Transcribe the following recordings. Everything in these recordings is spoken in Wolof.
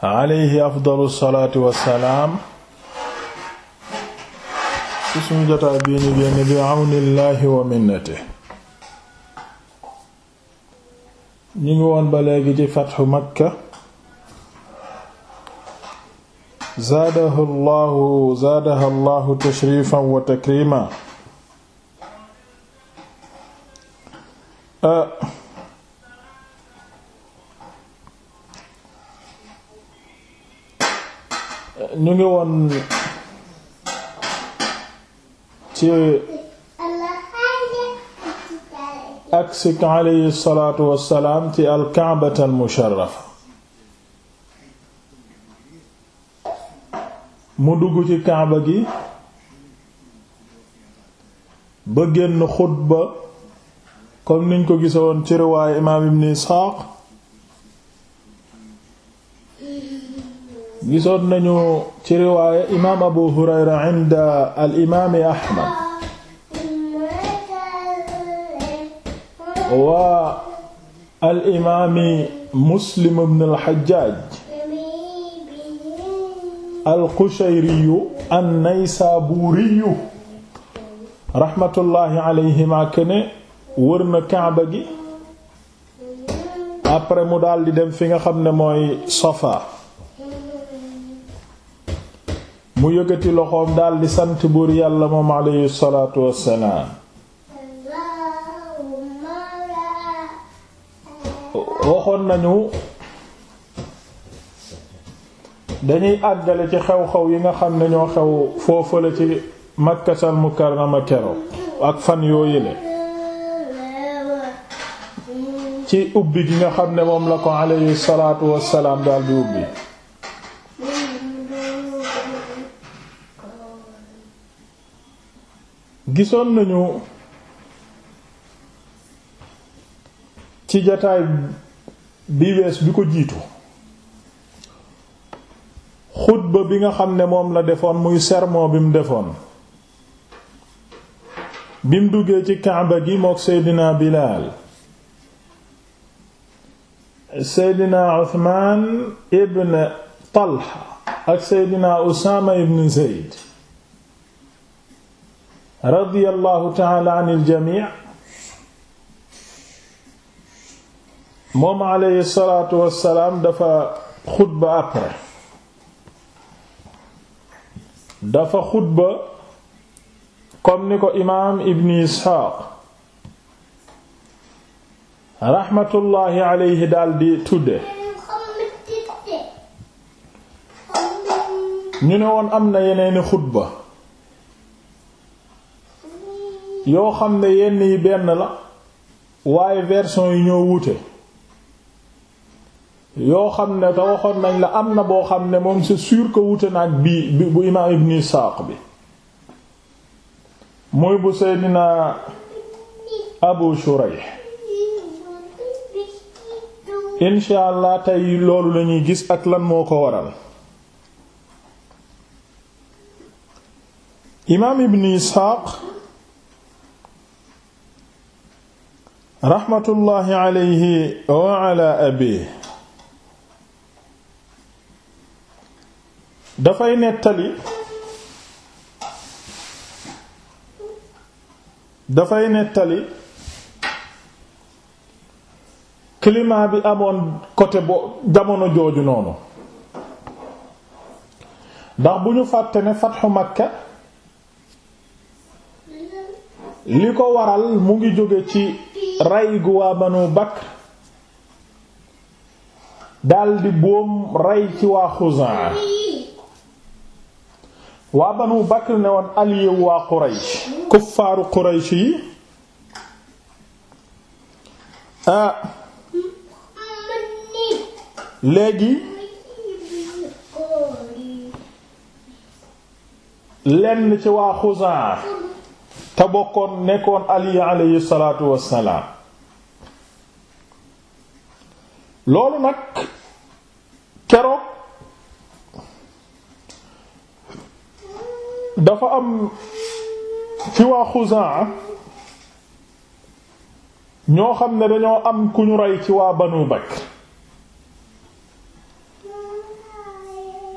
alayhi afdalu salaatu wassalaam ci suñu jotaay bii ñu génn bi àwnillaahi wa minnate ñu ngi woon ba léegi ci fatxu makka zaadahu allahu wa takrima ah, ñu ngi woon ci aksik alayhi salaatu wassalaam ci alkaabata almusharrafa mu dugg ci kaaba gi ba génn xutba comme niñ ko gisewoon ci riwaaye imaam ibn Isxaaq gisoon nañu ci riwaaya imaam abu hurayra inda al imaami ahmad wa muslim ibn al hajjaaj al qushayriyu an naysaabuuriyu raxmatullaahi kaaba gi après mu daldi dem fi nga xam ne mooy safa mu yëkkati loxoom daldi sant buur yàlla moom aleyhi salaatu wassalaam waxoon nañu dañuy àggale ci xew-xew yi nga xam ne ñoo xew foofu la ci makkatal mukarrama kero ak fan yoo yële ci ubbi gi nga xam ne moom la ko aleyhi salaatu wassalaam daldi ubbi gisoon nañu ci jataay bi wees bi ko jiitu xutba bi nga xam ne moom la defoon muy sermo bi mu defoon bi mu duggee ci kaaba gi mook seydina bilaal seydina uthman ibn talha ak seydina usama ibn zeyd radiyallahu taala an iljami moom alayhi salaatu wassalaam dafa xutba après dafa xutba comme ni ko imaam ibni isxaaq raxmatullaahi alayhi daldi tudde ñu ne woon am na yeneeni xutba yoo xam ne yenn yi benn la waaye version yi ñoo wuute yoo xam ne te waxoon nañ la am na boo xam ne moom c'est sûr que wuute na ak bii bu imaam Ibn Isaaq bi muy bu Seydina Abu Shurayh insha allah loolu lañuy gis ak lan moo ko waral imaam Ibn Isaaq raxmatullahi alayhi wa ala abi dafay nettali dafay nettali climat bi amoon côté bo jamono jooju noonu ndax bu ñu fàtte ne fatxu Makka li ko waral mu ngi jóge ci rey gu waa banu Bakr daldi boom rey ci waa Xuzaa waa banu Bakr ne woon aliyew waa Quraysh kuffaaru Quraysh yi ah, léegi lenn ci waa Xuzaa te bokkoon nekkoon ali alayhi salaatu wassalaam loolu nag keroog dafa am ci waa Xuzaa ñoo xam ne dañoo am ku ñu rey ci waa Banu Bakr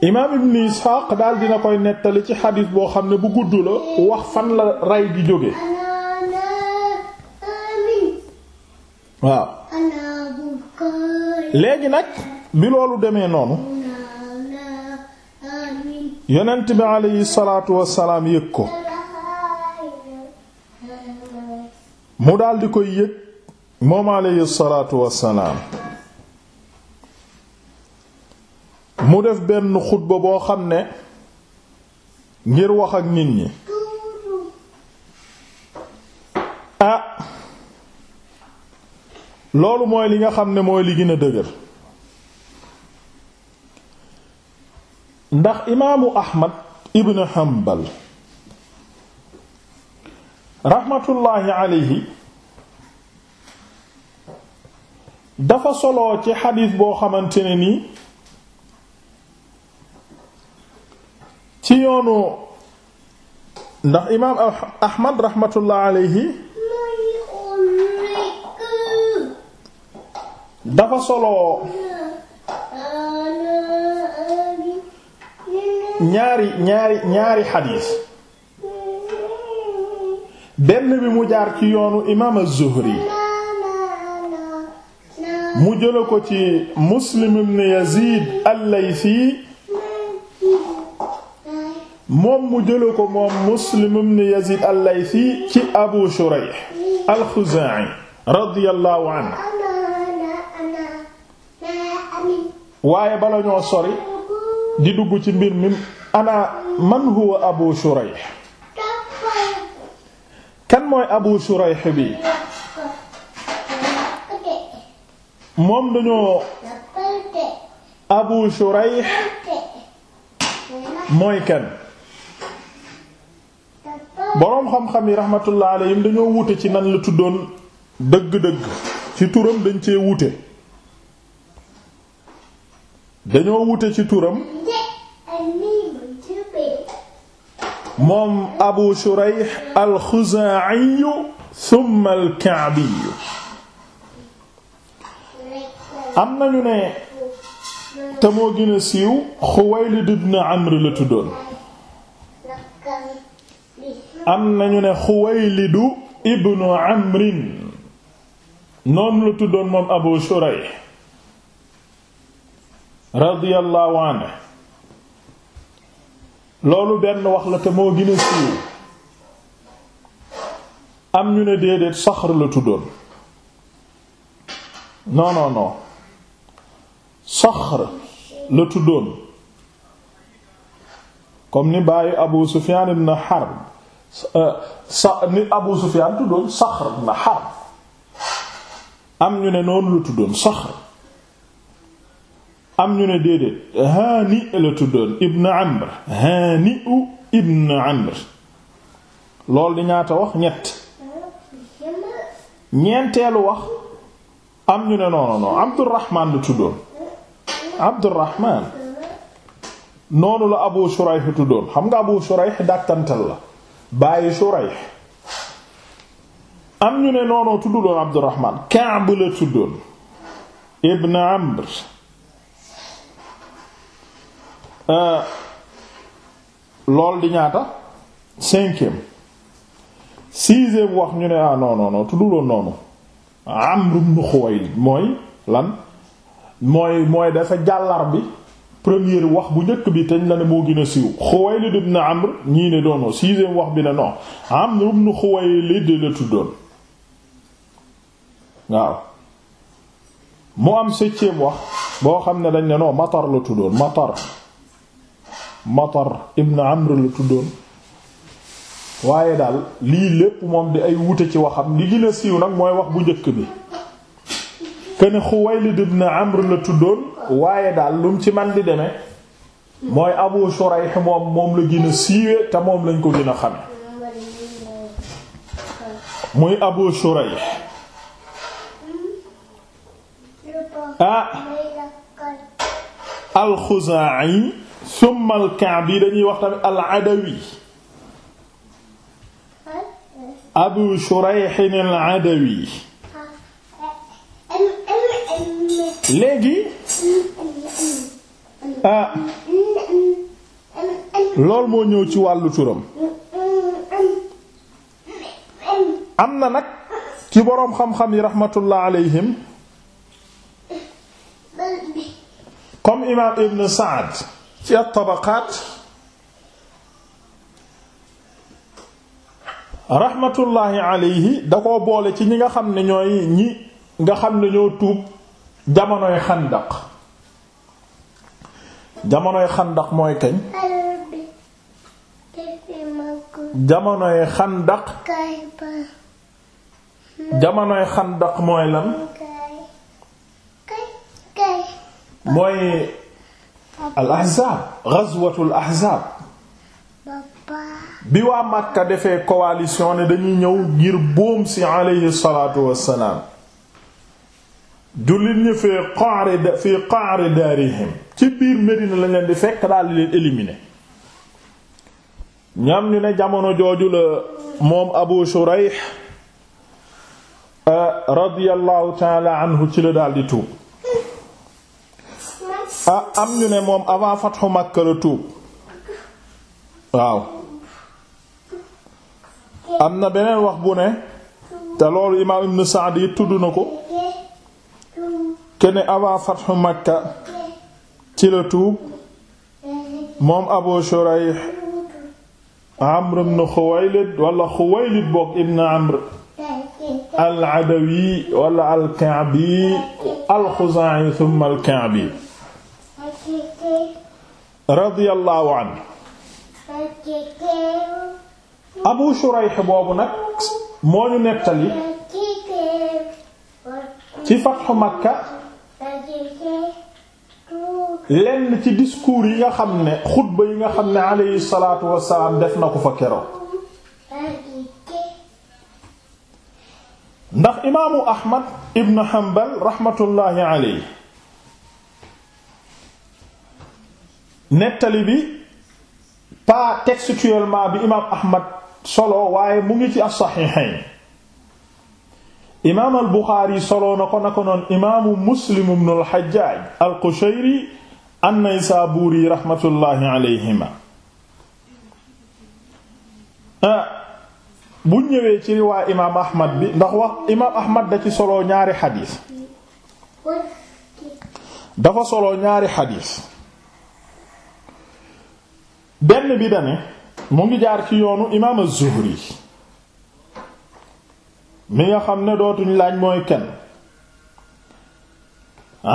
imaam ibn Isxaaq daal dina koy nettali ci xadiis boo xam ne bu gudd la wax fan la rey di jóge waaw léegi nag bi loolu demee noonu yonent bi aleyhi salaatu wassalaam yëg ko mu daal di koy yëg moom aleyhi salaatu wassalaam mu def benn xutba boo xam ne ngir wax ak nit ñi a ah, loolu mooy li nga xam ne mooy li gën a dëgër ndax imaamu Ahmad ibn Hanbal raxmatullaahi alayhi dafa solo ci xadiis boo xamante ne nii ci yoonu ndax imaam Ahmad rahmatullah alayhi dafa solo ñaari ñaari ñaari xadiis benn bi mu jaar ci yoonu imaam az-Zuhri mu jëla ko ci Muslim ibn Yazid al moom mu jële ko moom muslim ibn yazid al ci abu shurayh al-khuzaa'i radiyallahu anhu waaye bala ñoo sori di dugg ci mbir min ana man huwa abu shurayh kan mooy abu shurayh bi moom dañoo abu shurayh mooy kan boroom xam-xam yi rahmatullah alayhim dañoo wute ci nan la tuddoon dëgg-dëgg ci turam dañ cee wute dañoo wute ci turam moom Abu Shurayh al-Khuzaa'i thumma al-Ka'bi am nañu ne te moo gën a siiw Xuwaylid ibn Amr la tuddoon am nañu ne xuwaylidu ibnu amrin noonu la tuddoon moom abu shurayh radiyallahu anhu loolu benn wax la te moo gën a siiw am ñu ne déedéet saxr la tuddoon non non la tuddoon kom ni bàyyi abu sufyan ibn harb Euh, sa ni Abu Sufyaan tuddoon Saxr ibn Harb am ñu ne noonu la tuddoon Saxr am ñu ne déedéet Haani la tuddoon Ibn Amr Haani u Ibn Amr loolu di ñaata wax ñett ñeenteelu wax am ñu ne noonu noonu Abdurrahmaan la tuddoon Abdurrahmaan noonu la tuddoon xam nga Abu Shurayh dàkkantal la bàyyi Shurayh am ñu ne noonoo tudduloon Abdurrahman Ka'b la tuddoon ibn Amr euh, lool di ñaata cinquième sixième wax ñu ne ah noonu Amr ibn Khuwaylid mooy lan mooy mooy dafa jàllar bi première wax bu njëkk bi teñ la ne moo gën a siiw Xuwaylid ibn Amr ñii ne doono sixième wax bi ne non Amr ibn Xuwaylid la tuddoon waaw mu am septième wax boo xam ne dañ ne non Matar la tuddoon Matar Matar ibn Amr la tuddoon waaye daal lii lépp moom di ay wute ci waxam li gën a siiw nag mooy wax bu njëkk bi këne Xuwaylid ibn Amr la tuddoon waaye daal lu ci man di demee mooy Abu Shurayh moom moom la gën a siiwe te moom lañ ko gën a xame muy Abu Shurayh ah al-Xuzaa'i summa al-Ka'bi dañuy wax tamit al-Adawi Abu Shurayh al-Adawi léegi ah loolu moo ñëw ci wàllu turam am na nag ci boroom xam-xam yi rahmatullah alayhim comme imaam Ibn Saad ci at-Tabaqaat rahmatullahi alayhi dakoo boole ci ñi nga xam ne ñooy ñi nga xam ne ñoo tuub. jamonoy xandaq jamonoy xandaq mooy kañ jamonoy xandaq jamonoy xandaq mooy lan mooy al ahzaab ghazwatul bi waa Makka defee coalition ne dañuy ñëw ngir boom si aleyhi salaatu wassalaam jullit ñi fi qaari fi qaari daarihim ci biir Medina lañ di fekk daal di leen éliminer ñam ñu ne jamono jooju la moom Abu Shurayh euh, radiyallahu taala anhu ci la daal di tuub ah, am ñu ne moom avant fatxu Makka la tuub waaw am na beneen wax bu ne te loolu imaam Ibn Sa'd yi tudd na ko kene avant fatxu makka ci la moom abu shuraih amr ibn xuwaylid wala xuwaylid bokk ibn amr al adawi wala al ka'bi al xuzaa'i thumma al ka'bi radiyallahu anhu abu shuraih boobu nag moo ñu nettali ci lenn ci discours yi nga xam ne xutba yi nga xam ne alayhi salaatu wassalaam na ko fa keroog ndax imaamu ahmad ibn hanbal raxmatullaahi alayhi nettali bi pas textuellement bi imaam ahmad solo waaye mu ngi ci as-saxiixayn imaam al buxaari soloo na ko na ko noon imaamu muslim ibn al xajjaaj al qushayri an-naysaabuuri raxmatullaahi alayhima ah, bu ñëwee ci riwaay imaam ahmad bi ndax wax imaam ahmad da ci soloo ñaari xadiis dafa soloo ñaari xadiis benn bi dane mu ngi jaar ci yoonu imaam az-zuhri mi nga xam ne dootuñu laaj mooy kenn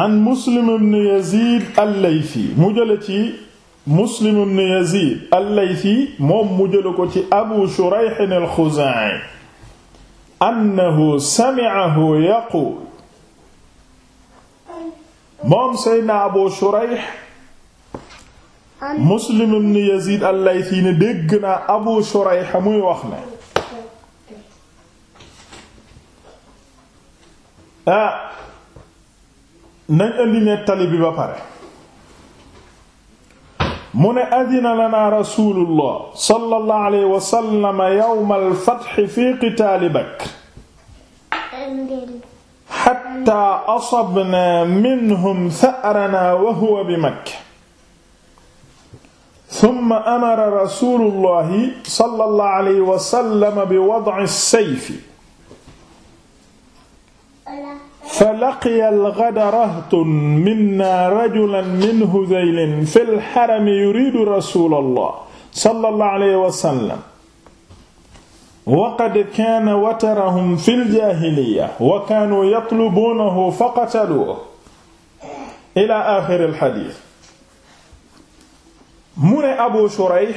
an muslim ibn yazid al mu jële ci muslim ibn yazid al-laythi moom mu jële ko ci abu shurayh al-khuzai annahu sami'ahu yaqul moom seydna abu shurayh muslim ibn yazid al-laythi ne dégg naa abu shurayh muy wax ne ah nañ indi nettali bi ba pare mu ne adina lana rasulullah sallallahu alayhi wa sallam yawm al-fath fi qitaal Bakr hatta asabna minhum tha'rana wa huwa bi Makkah thumma amara rasulullah sallallahu alayhi wa sallam bi wad'i as-sayf fa laqiya algada rahtun minna rajulan min huzaylin fi lxarami yuridu rasulallah sallallahu alayhi wa sallam waqad kaana watarahum fi ljaahiliya wa kaanuu yatlubuunahu faqataluuhu ila aaxiri alxadiis mu ne Abu Shurayh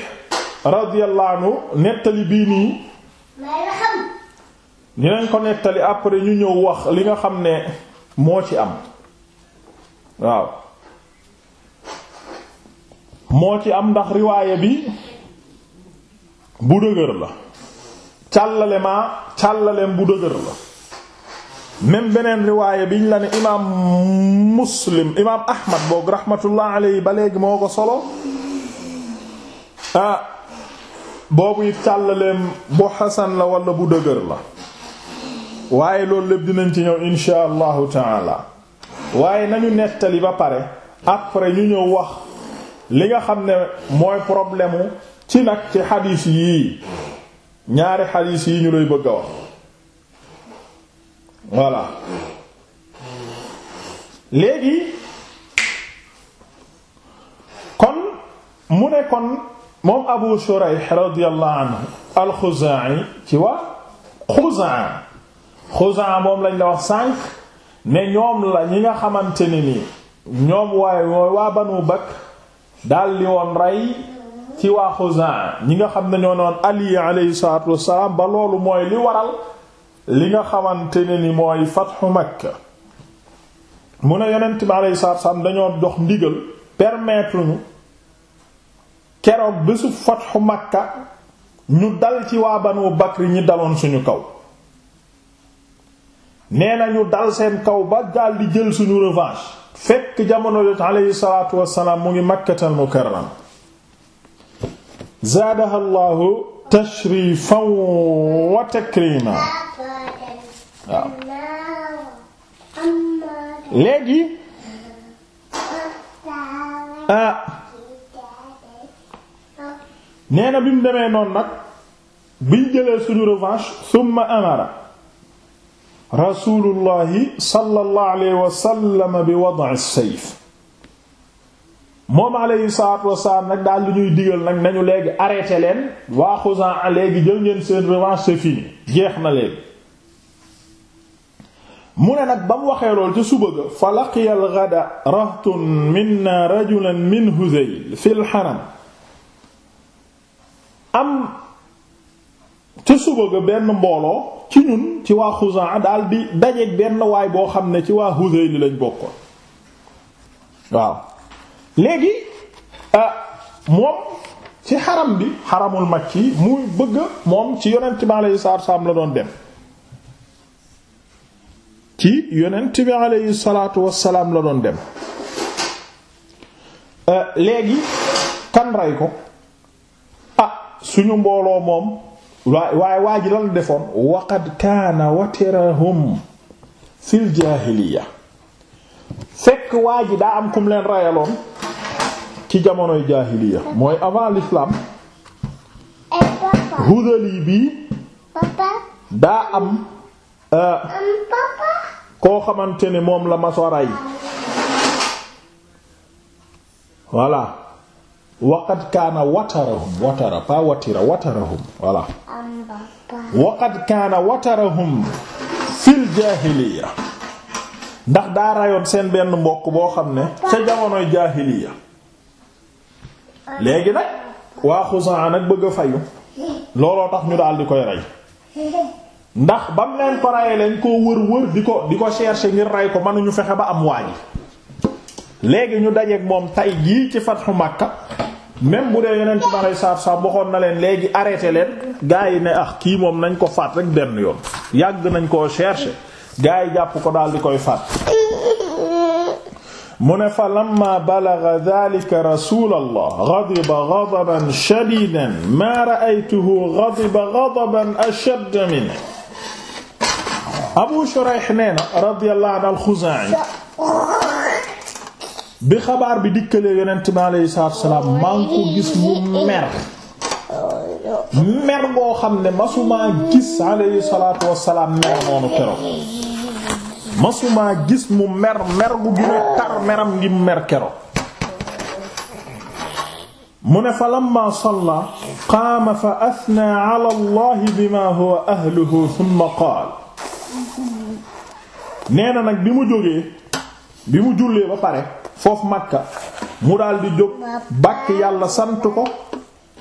radiyallahu anhu nettali bii nii dinañ ko nettali après ñu ñëw wax li nga xam ne moo ci am waaw moo ci am ndax riwaaye bi bu dëgër la càllale ma càllaleem bu dëgër la même beneen riwaaye biñ la ne imaam muslim imaam ahmad boog rahmatullah alayhi ba léegi moo ko solo ah boobu it càllaleem bu xasan la wala bu dëgër la waaye loolu lépp dinañ ci ñëw insha allahu taala waaye nañu nettali ba pare après ñu ñëw wax li nga xam ne mooy problème ci nag ci xadiis yii ñaari xadiis yi ñu lay bëgg wax voilà léegi kon mu ne kon moom Abu Shurayh radiyallahu anhu al-Khuzaa'i ci waa Khuzaa Xuzaa moom lañ la wax sànq ne ñoom la ñi nga xamante ni nii ñoom waaye mooy waa Banu Bakr daldi woon rey ci waa Xuzaa ñi nga xam ne ñoo noon Ali yi salaatu wassalaam ba loolu mooy li waral li nga xamante ne ni mooy Fathu Makka mu ne Yonent bi alayhi salaatu wassalaam dañoo jox ndigal permettre ñu keroog bésu Fathu Makka ñu dal ci waa Banu Bakr ñi daloon suñu kaw nee na ñu dal seen kaw ba daal di jël suñu revanche fekk jamono jot aleyhi salaatu wassalaam mu ngi makkatal mukarram zaadaha llahu tashrifan wa takrima waaw léegi ah nee na bi mu demee nag biñ jëlee suñu revanche summa amara rasulullahi sallallahu alayhi wa sallam bi wad' as-sayf moom alayhi salaatu wasalaam nag daal li ñuy digal nag nañu léegi arrêté leen waa Xuzaa léegi jël ngeen seen revanche c'est fini jeex na léegi mu ne nag ba mu waxee lool ca suba ga fa laqiya al-ghada rahtun minna rajulan min Huzayl fil haram am ca suba ga benn mbooloo ci ñun ci waa Xuzaa daal bi dajeeg benn waay boo xam ne ci waa Huzayl lañ bokkoon waaw léegi ah, moom ci xaram bi xaramul ci muy bëgg moom ci yonent bi alayhi salaatu salaam la doon dem ci yonent bi alayhi salaatu wassalaam la doon dem ah, léegi kan rey ko ah suñu mbooloo moom waaye waaye waa ji lan la defoon waqad kaana watirahum fil jaahiliya fekk waa daa am kum leen rayaloon ci jamonoy jaahiliya mooy avant l'islam hudali bi daa am euh, koo xamante ne moom la maso ray voilà waqad kaana watarahum watara pas watira watarahum voilà waqad kaana watarahum fil jaahiliya ndax daa rayoon seen benn mbokk boo xam ne ca jamonoy jaahiliya léegi nag waa Xuzaa nag bëgg a fayu looloo tax ñu daal di koy rey ndax bam leen ko rayee lañ koo wër wër di ko di ko chercher ngir rey ko mënuñu fexe ba am waaji léegi ñu dajeek moom tay jii ci fatxu Makka même bu dee yeneen ci bari saaf saaf waxoon na leen léegi arrêté leen gars yi ne ax ah, kii moom nañ ko faat rek benn yoon yàgg nañ koo chercher gars yi jàpp ko daal di koy faat. mu ne fa lamma balagha dhalika rasulallah ghadiba ghadaban shadidan ma ra'aytuhu ghadiba ghadaban ashadda minhu Abu Shurayh nee na radiyallahu anhu al-Khuzai bi xabaar bi dikkalee yonent bi aleyhi salaatu salaam oh, maa ngi ko gis mu oh, mer mer boo xam ne masumaa gis mu mer mer gu gën a tar meram ngi mer keroog mu ne fa lamma salla qaama fa athna ala allahi bima huwa ahluhu thumma qaala nee na nag bi mu jógee bi mu jullee ba pare foofu Makka mu daal di jóg bàkk yàlla sant ko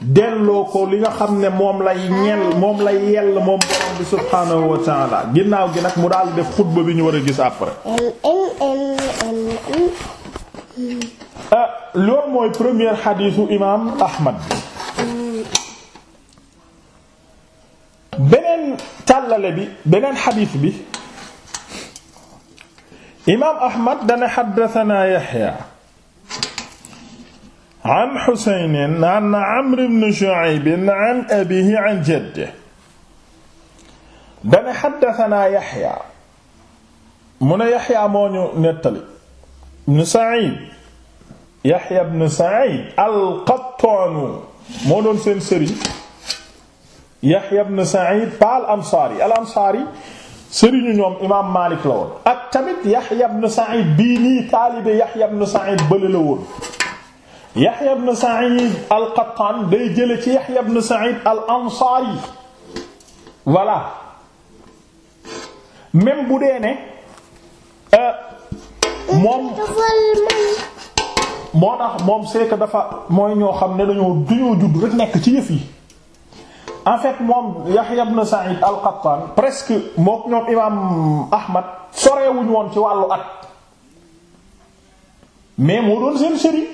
delloo ko li nga xam ne moom lay ñel moom lay yell moom borom bi subhaanahu wa taala ginnaaw gi nag mu daal def xutba bi ñu war a gis après. Ah, loolu mooy premier xadiisu imaam Ahmad beneen tàllale bi beneen xadiis bi. imaam Ahmad dana xaddasanaa Yaxya an Xusaynin an Amr ibn Shu'ayb an abiihi an jaddihi dana xaddasanaa Yaxya mu ne Yaxya moo ñu nettali ibn Sa'iid Yaxya ibn Sa'iid al-Qattaan moo doon seen sëriñ Yaxya ibn Sa'iid al-Ansaari al-Ansaari sëriñu ñoom imaam Maalik la woon ak tamit Yahya ibn Sa'id bii taalibe Yahya ibn Sa'id bële Yahya ibn Sa'id al-Qattaan jële ci Yahya ibn Sa'id al-Ansaari voilà même bu euh, moom moo tax moom c'est dafa mooy ñoo xam ne dañoo duñoo judd rek nekk ci yi en fait moom Yahya ibn Sa'id al-Qattan presque mook woon ci wàllu at mais moo doon seen sëriñ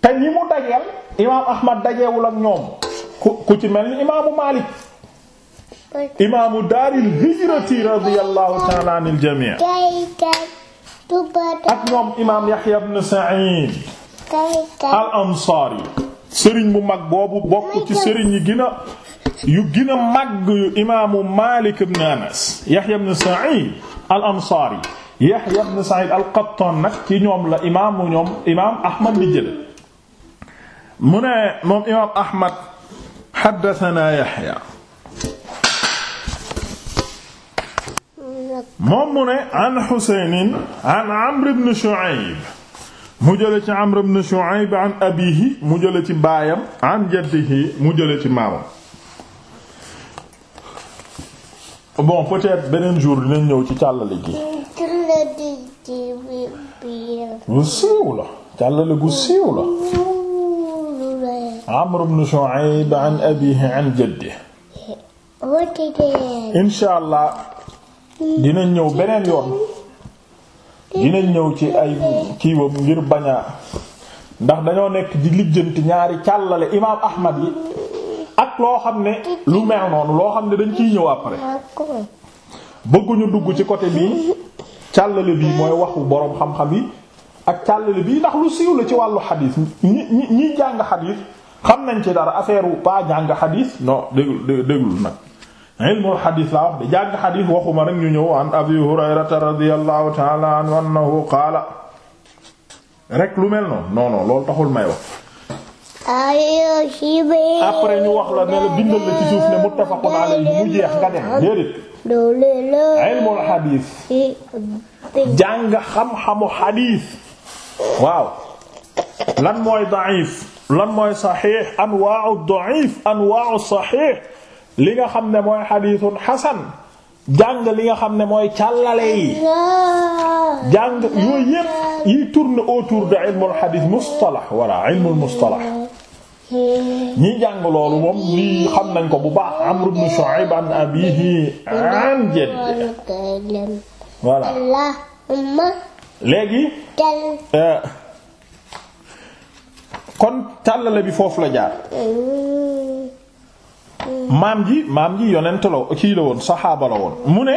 te ñi mu dajeel imaam Ahmad dajeewul ak ku ci mel ni imaamu Maalik imaamu daaril hijrati radiyallahu ta'ala anil Yahya ibn Sa'id sëriñ bu mag boobu bokk ci sëriñ yi gën a yu gën a màgg yu imaamu Maalik ibn Anas Yahya ibn Sa'id al Ansaari Yahya ibn Sa'id al Qattaan nag ci ñoom la imaamu ñoom imaam Ahmad bi jël mu ne moom imaam Ahmad haddathana Yahya moom mu ne an Husayn an Amr ibn Shu'ayb mu jële ci Amr ibn Shu'ayb an abiihi mu jële ci baayam an jaddihi mu jële ci maamam bon peut beneen jour dinañ ñëw ci càllale gi gu siiw la càllale gu siiw la Amr ibn Shu'ayb an abiihi an jaddihi inshaa Allah dinañ ñëw beneen yoon dinañ ñëw ci ay kiiwam ngir bañ a ndax dañoo nekk di lijjant ñaari càllale imaam Ahmad yi ak loo xam ne lu mel noonu loo xam ne dañ ciy ñëw après bëgguñu dugg ci côté bii càllale bii mooy waxu boroom xam-xam yi ak càllale bii ndax lu siiw la ci wàllu xadiis ñi ñi ñiy jàng xadiis xam nañ ci dara affaire wu pas jàng xadiis non déglu nag. ilmul xadis laa wax de jàng xadis waxuma rek ñu ñëw an abi hurayrata radiyallahu taala anhu annahu qaala rek lu mel noonu non non loolu taxul may wax après ñu wax la ne la bindal la ci suuf ne muttafaqun alayhi mu jeex nga dem déedéet ilmul xadis jàng xam-xamu xadis waaw lan mooy da'if lan mooy saxiix anwaa'u da'if anwaa'u saxiix li nga xam ne mooy xadiisun xasan jàng li nga xam ne mooy càllale yi jàng yooyu yépp yi tourne autour de ilmul xadiis mustalah walla ilmul mustalah ñi jàng loolu moom lii xam nañ ko bu baax Amr ibn Shu'ayb an abiihi an jaddi voilà léegi euh, kon càllale bi foofu la jaar maam ji maam ji yonent la kii la woon saxaaba la woon mu ne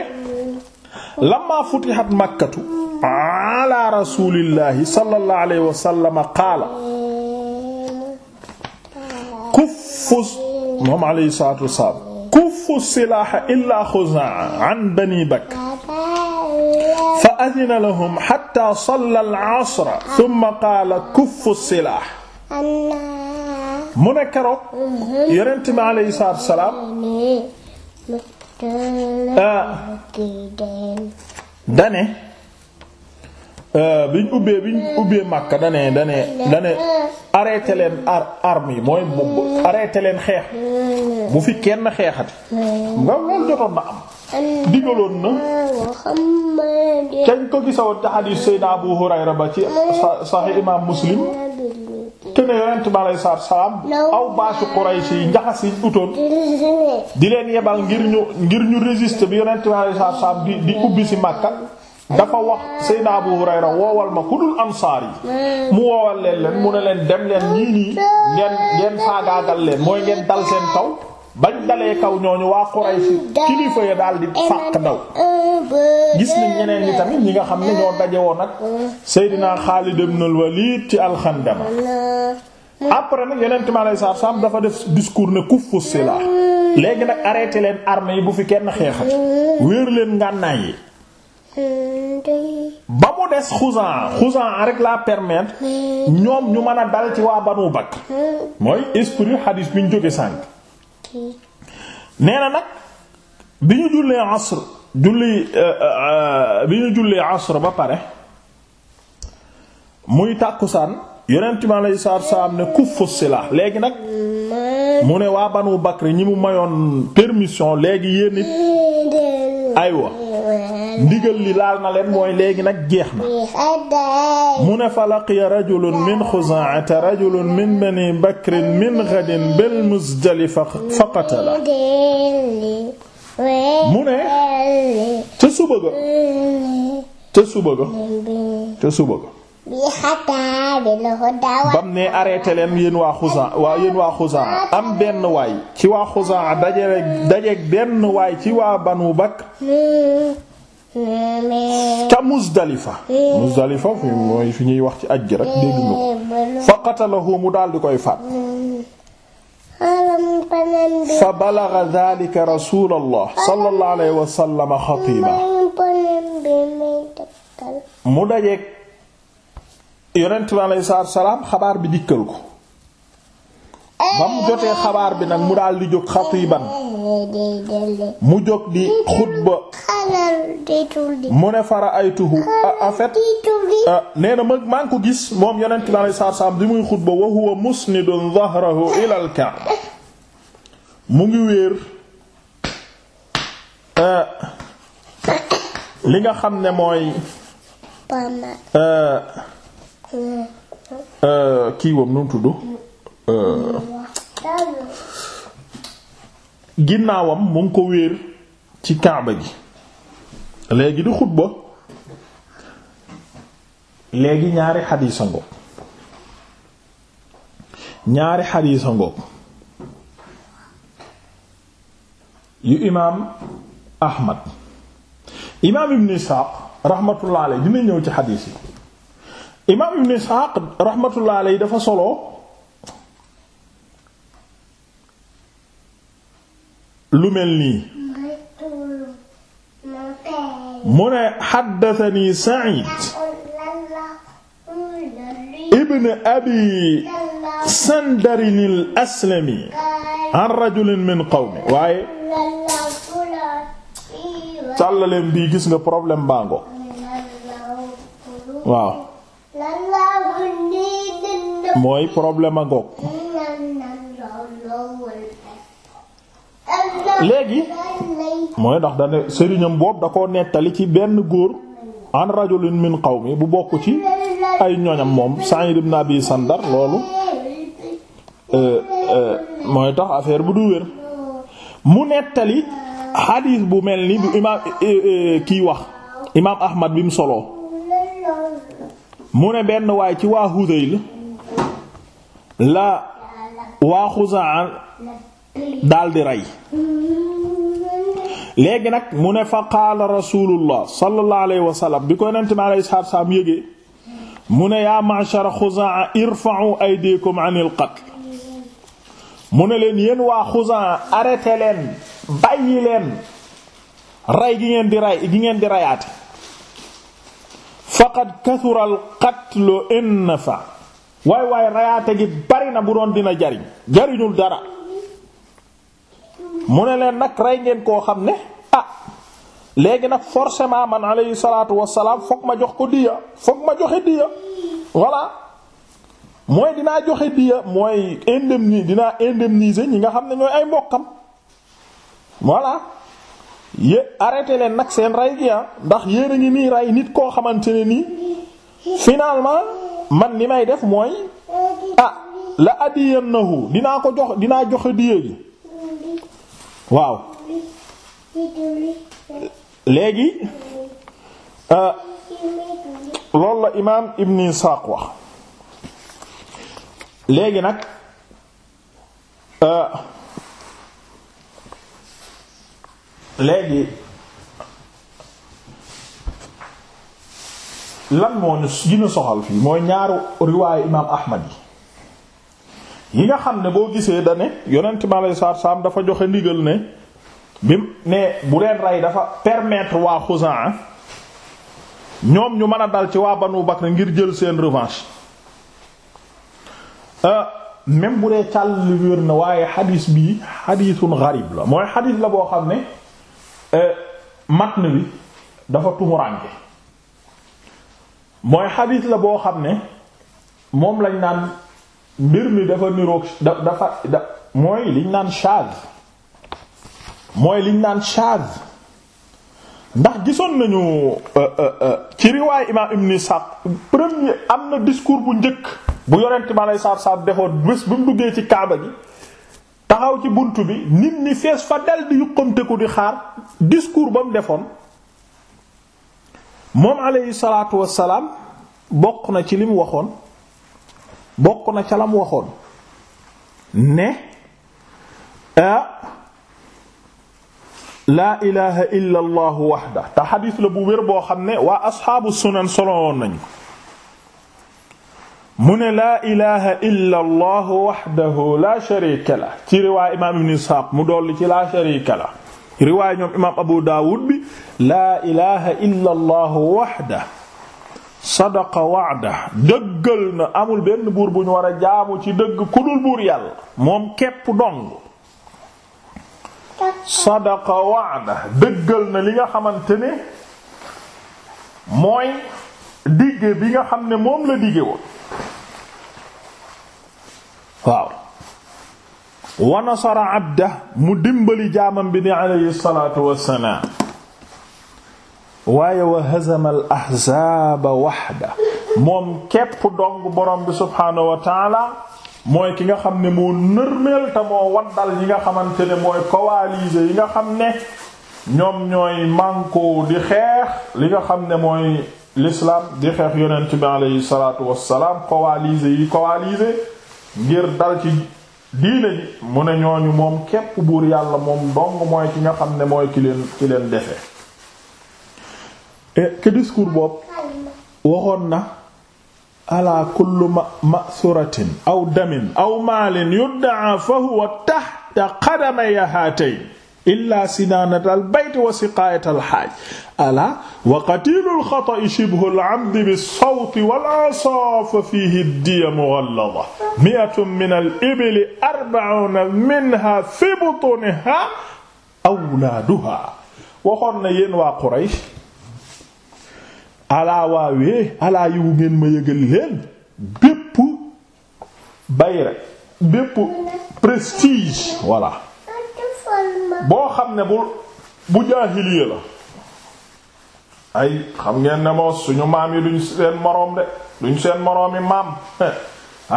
lamma futihat makkatu ala rasulillahi sallallahu alayhi wa sallam qaala kuffu moom alayhi salaatu wasalaam kuffu silaaha illaa xuzaa an bani bakr fa adina lahum hatta salla al asra thumma qaala kuffu silaah mu ne keroog yonent bi aleyhi salaatu salaam ah, dane ah, biñ ubbee biñ ubbee Makka dane dane dane arrêté leen ar arme mooy bu arrêté leen xeex bu fi kenn xeexat nga loolu jotoon na am digaloon na cañ ko gisawoon ci xadiis Seydina Abu Hurayra ba ci Sahih Imaam Muslim këne yonent bi aleyhi salaatu salaam aw bâche Quraysh yi njaxas utoon di leen yebal ngir ñu ngir ñu résister bi yonent bi aleyhi salaam di ubbi si Makka dafa wax Seydina Abu Hurayra woowal ma ku dul ansaar hmm. mu woowal leen leen mu ne leen dem leen ñii nii ngeen ngeen faagaagal leen mooy ngeen dal seen kaw bañ dalee kaw ñooñu waa Quraysi kilifa ya daal di fàq ndaw gis nañ ñeneen ñi tamit ñi nga xam ne ñoo daje woon ak Seydina Xaalid ibn al-Walid ci alxandama après nag yeneen time alay saab saab dafa def discours ne kuffu la léegi nag arrêté leen armée bu fi kenn xeexat wéeru leen ngànnaay yi ba mu des xuzan xuzan rek la permettre ñoom ñu mën a dal ci waa Banu Bakr mooy esprit hadith bi ñu jóge sànk nee nag bi ñu jullee asr julli eh, eh, eh, bi ñu jullee asr ba pare muy tàkkusaan yonent bi alayhi salaatu salaam ne kuffu silah léegi nag mu ne waa Banu Bakr ñi mu mayoon permission léegi yéen it aywa ndigal li laal na leen mooy léegi nag jeex na mu ne fa laqiya rajulun min xuzaa'ata rajulun min bani bakrin min ghadin bil muzdalifa fa qatala mu ne ca suba ga ca suba ga bam ne arrêté leen yéen waa Xuzaa am benn waay ci waa Xuzaa dajeeg dajeeg benn waay ci waa Banu Bakr ca Muzdalifa Muzdalifa fi ñuy wax ci aj gi rek dégg ko fa qatalahu mu daal di koy faat fa balagha dhalika rasulallah sallallahu alayhi wa mu dajeek yonent bi alayhi salaam xabaar bi dikkal ko ba mu jotee xabaar bi nag mu daal di jóg xatiban mu jóg di xutba mu ne fara ay tuhu en fait euh, nee maa ngi ko gis moom yonent bi alayhi salaatu salaam di muy xutba wa huwa musnidun dhahrahu ila al mu ngi wér euh, li nga xam ne mooy euh, kiiwam nu mu tudd ginnaawam mu ngi ko wéer ci kaaba gi léegi di xutba léegi ñaari xadiisa ngoog ñaari xadiisa ngoog yu imaam Ahmad imaam Ibn Isxaaq raxmatullah alayhi dina ñëw ci xadiis yi imaam Ibn Isxaaq raxmatullah alayhi dafa solo lu mel nii mu ne xaddatani Saïd ibn abi sandarin al an rajulin min qawmi waaye càllaleen bii gis nga problème bango waaw mooy problème a ngoog léegi mooy ndax dane sëriñam boobu da ko nettali ci benn góor an rajulin min qawmi bu bokk ci ay ñoñam moom Sa'id ibn Abi loolu euh, euh, mooy tax affaire bu du wér mu nettali xadiis bu mel ni bu imaam euh, kiy wax imaam Ahmad bi mu soloo mu ne benn waay ci waa Hudayl daldi rey léegi nag mu ne fa qaala rasulullah sallallahu alayhi wa bi ko yonent mi alayhi salaam yégee mu ne yaa ma'shara Xuzaa irfa'u aydikum anil qatl mu ne leen yéen waa Xuzaa arrêté leen bàyyi leen rey gi ngeen di rey gi ngeen di reyaate faqad kathura al qatlu in nafa waay waay reyaate gi bari na bu doon dina jariñ jariñul dara mu ne leen nag rey ngeen koo xam ne ah léegi nag forcément man alayhi salaatu wassalaam foog ma jox ko diya foog ma joxe diya voilà mooy dinaa joxe diya mooy indemni dinaa indemniser ñi nga xam ne ñooy ay mbokkam voilà yé arrêté leen nag seen rey gi ah, ndax yéen a ngi nii rey nit koo xamante ne nii finalement man li may def mooy ah la adiyannahu dinaa ko jox dinaa joxe diya gi waaw léegi euh, loolu la imaam Ibn Isaaq wax léegi nag euh, léegi lan moo ñu gën a soxal fii mooy ñaaru riwaayu imaam Ahmad yi nga xam ne boo gisee da ne yonent bi aleyhi salaatu salaam dafa joxe ndigal ne bi ne bu leen rey dafa permettre waa Xuzaa ñoom ñu mën a dal ci waa Banu Bakr ngir jël seen revanche euh, même bu dee càll li wér na waaye xadiis bii xadiisun gariib la mooy xadiis la boo xam ne euh, matn bi dafa tumuranke mooy xadiis la boo xam ne moom lañ naan mbir mi dafa niroog da dafa mooy liñ naan shaz mooy liñ naan shaz ndax gisoon nañu euh, euh, euh, ci riwaay imaam Ibn Ishaq premier am na diskuur bu njëkk bu yorent ma lay saab defoon bés bu mu duggee ci kaaba gi taxaw ci bunt bi nit ñi fees fa dal di yuqamte di xaar diskuur ba mu defoon moom alayhi salaatu salaam bokk na ci li mu waxoon bokk na ca lam waxoon ne ah laa ilaha waxda te xadis la bu wér boo xam ne waa asxaabu sunan solowoon mu ne laa ilaha illa la sharika ci riwaay imaam ibn isxaaq mu dolli ci laa sharika la ñoom imaam abu daawud bi laa ilaha waxda sadaqa wa'da dëggal na amul benn buur bu ñu war a jaamu ci dëgg ku dul buur yàlla moom képp dong sadaqa wa'da dëggal na li nga xamante ne mooy digge bi nga xam ne moom la digge woon waaw wa nasara mu dimbali jaamam bi ni alayhi salaatu waaye wa hazama al ahzaaba waxda moom képp dong borom bi subhaanahu wa taala mooy ki nga xam ne moo nërmeel te moo waddal yi nga xamante ne mooy coalisé yi nga xam ne ñoom ñooy mànkoo di xeex li nga xam ne mooy l'islam di xeex yonent bi aleyhi salaatu wassalaam coalisé yi coalisé ngir dal ci diine ji mu ne ñooñu moom képp buur yàlla moom dong mooy ki nga xam ne mooy ki leen ki leen defe E, ke discours boobu waxoon na ala kullu ma'suratin aw damin aw maalin yudda'a fa huwa tahta qadamay haatayn illa sinaanat al bayt wa siqaayat al haaj ala wa qatilu al xata'i shibhu al 'amdi bis sawti wal asaa fa fiihi diya mughallada mi'atun min al ibli arba'una minha fi butuniha awlaaduha waxoon na yéen waa Quraysh alaa waawee alaa yiwu ngeen ma yëgal leen bépp bayre bépp prestige voilà boo xam ne bu bu jaahiliya la ay xam ngeen ne moo suñu maam yi duñ seen moroom de duñ seen moroomi maam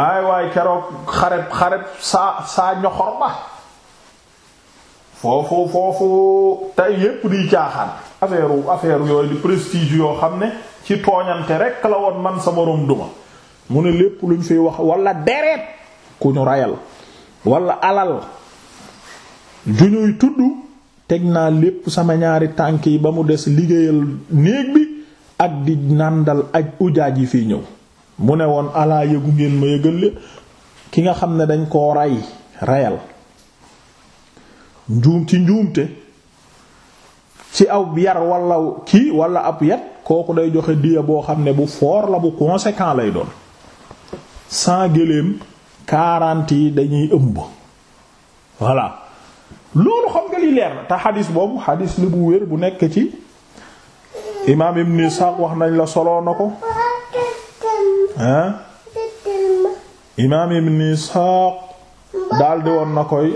ay waay keroog xareb xareb saa saa ñoxor ba foofu foofu tey yépp di caaxaan affaire affaire yooyu di prestige yoo xam ne ci tooñante rekk la woon man sa moroom duma mu ne lépp lu ñu fi wax walla deret ku ñu rayal wala alal ju ñuy tudd teg naa lépp sama ñaari tànk yi ba mu des liggéeyal néeg bi ak di nàndal ak ujaaj yi fi ñëw mu ne woon alaa yëgu ngeen ma yëgal leen ki nga xam ne dañ koo ray rayal njuum ci njuumte ci aw yar wala kii wala ab yat kooku day joxe diya boo xam ne bu foor la bu conséquent lay doon cent géléem quarante yi dañuy ëmb voilà loolu xam nga li leer na te xadis boobu xadis li bu wér bu nekk ci imaam ibn Isaaq wax nañ la soloo na ko ah imaam daldi woon na koy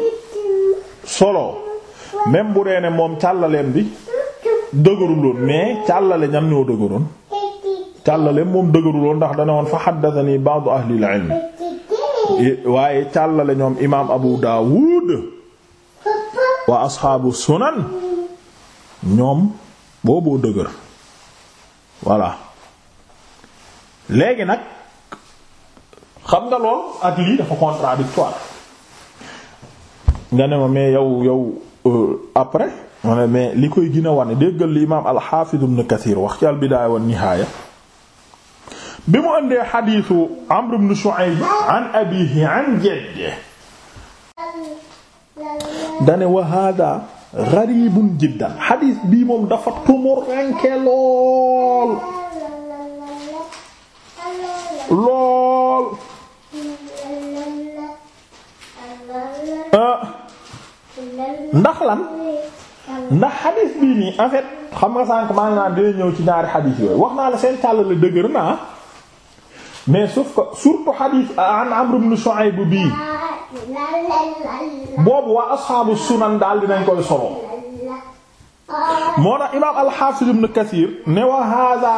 solo même bu dee ne moom càllaleen bi dëgëruloon mais càllale ñan ñoo dëgëroon càllale moom dëgëruloon ndax dana woon fa xaddatani ba'du ahlil ilm waaye càllale ñoom imaam abu daawud wa asxaabu sunan ñoom booboo dëgër voilà léegi nag xam nga lool ak lii dafa contradictoire nga ne ma mais yow yow euh, après mu li koy gën a wane li imaam alxaafiz ibn kathir wax ci albidaaya wa nihaaya bi mu ëndee xadiisu amr ibn shu'ayb an abiihi an jaddihi dane wa haadaa gariibun jiddan xadiis bii moom dafa tumuranke lool lool ah. ndax xadiis bii nii en fait xam nga sànk maa ngi naan ñëw ci ñaari xadiis yooyu wax naa la seen càll la dëgër naa mais sauf que surtout xadiis an Amr ibn Shu'ayb bii boobu waa asxaabu sunan daal dinañ koy solo moo tax imaam al-Hafiz Kathir ne wa hadha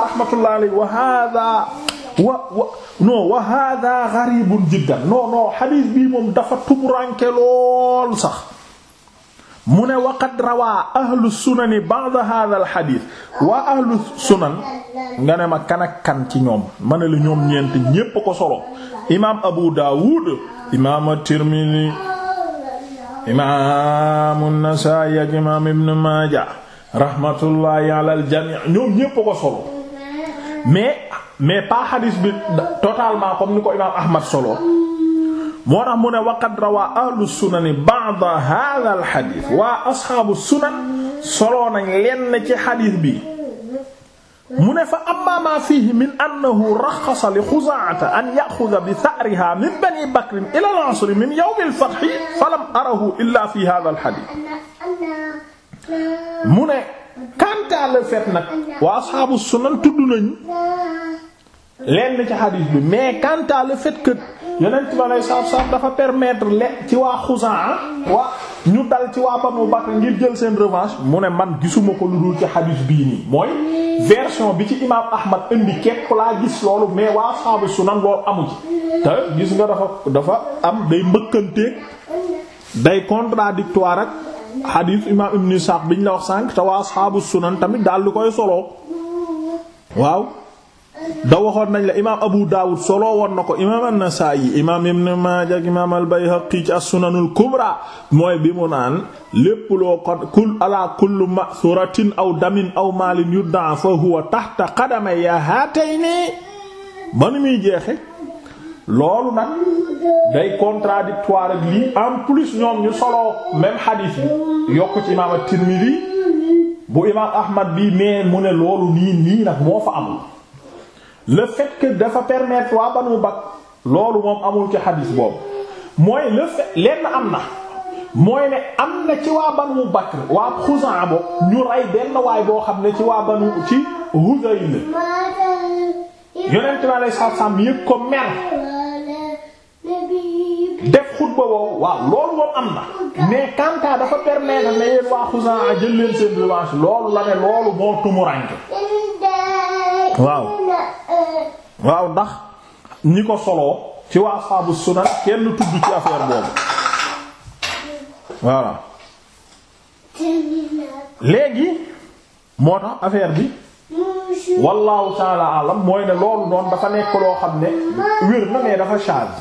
rahmatullahi moom dafa tumuranke lool sax mu ne waqad rawaa ahlu sunani ba'da hadha al waa ahlu sunan nga ne ma kan kan ci ñoom ma ne la ñoom ñeent ñépp ko solo imaam abu daawud imaam at-tirmidhi imaam an-nasaa'i imaam ibn maaja rahmatullahi ala al jami' ñépp ko solo mais mais pas hadith bi totalement comme ni ko imaam ahmad solo moo tax mu ne waqad rawaa ahlu sunani ba'da hadha al xadiis waa asxaabu sunan soloo nañ lenn ci xadiis bi mu ne fa amma ma fiihi min annahu raxxasa li xuzaa'ata an ya'xuda bi sa'rihaa min bani bakrin ila al asr min yawm al fath fa lam arahu illa fi hadha al xadiis mu ne kanta le fait nag waa asxaabu sunan tudd nañ lenn ci xadiis bi mais quant à le fait que yonent bi aleyhi salaatu dafa permettre le ci waa Xuzaa waa ñu dal ci waa Banu Bakr ngir jël seen revanche mu ne man gisuma ko lu dul ci xadiis bii nii mooy version bi ci imaam Ahmad indi képp laa gis loolu mais waa ashaabu sunan loolu amu ci te gis nga dafa dafa am day mbëkkanteeg day contradictoire ak xadiis imaam Ibn Isaaq biñ la wax sànq te waa ashaabu sunan tamit daal di koy soloo waaw da waxoon nañ la imaam Abu Dawud solo woon na ko imaam an-Nasaa'i imaam Ibn Maaja ak imaam al-Bayhaqi ci as mooy bi mu naan lépp loo ko kul ala kullu ma'suratin aw damin aw maalin yudda'a fa huwa tahta qadamayya haatayni man muy jeexe loolu nag day contradictoire lii en plus ñoom ñu solo même hadith yi yokk ci imaam at bu imaam Ahmad bi mais mu ne loolu nii nii nag moo fa amul. le fekk dafa permettre waa Banu Bakr loolu moom amul ci xadis boobu mooy le fait lenn am na mooy ne am na ci waa Banu Bakr waa Xuzaa bo ñu rey benn waay boo xam ne ci waa Banu ci Huzayl yonent bi alayhi salaam yëg ko mer def xutba boobu waaw loolu moom am na mais Kantaa dafa permettre ne yéen waa Xuzaa jël leen seen revanche loolu la ne loolu moo tumuranke waaw waaw ndax ñi ko soloo ci waa saabu sunan kenn tudd ci affaire boobu voilà léegi moo tax affaire bi wallahu taala alam mooy ne loolu noonu dafa nekk loo xam ne wér na mais dafa charge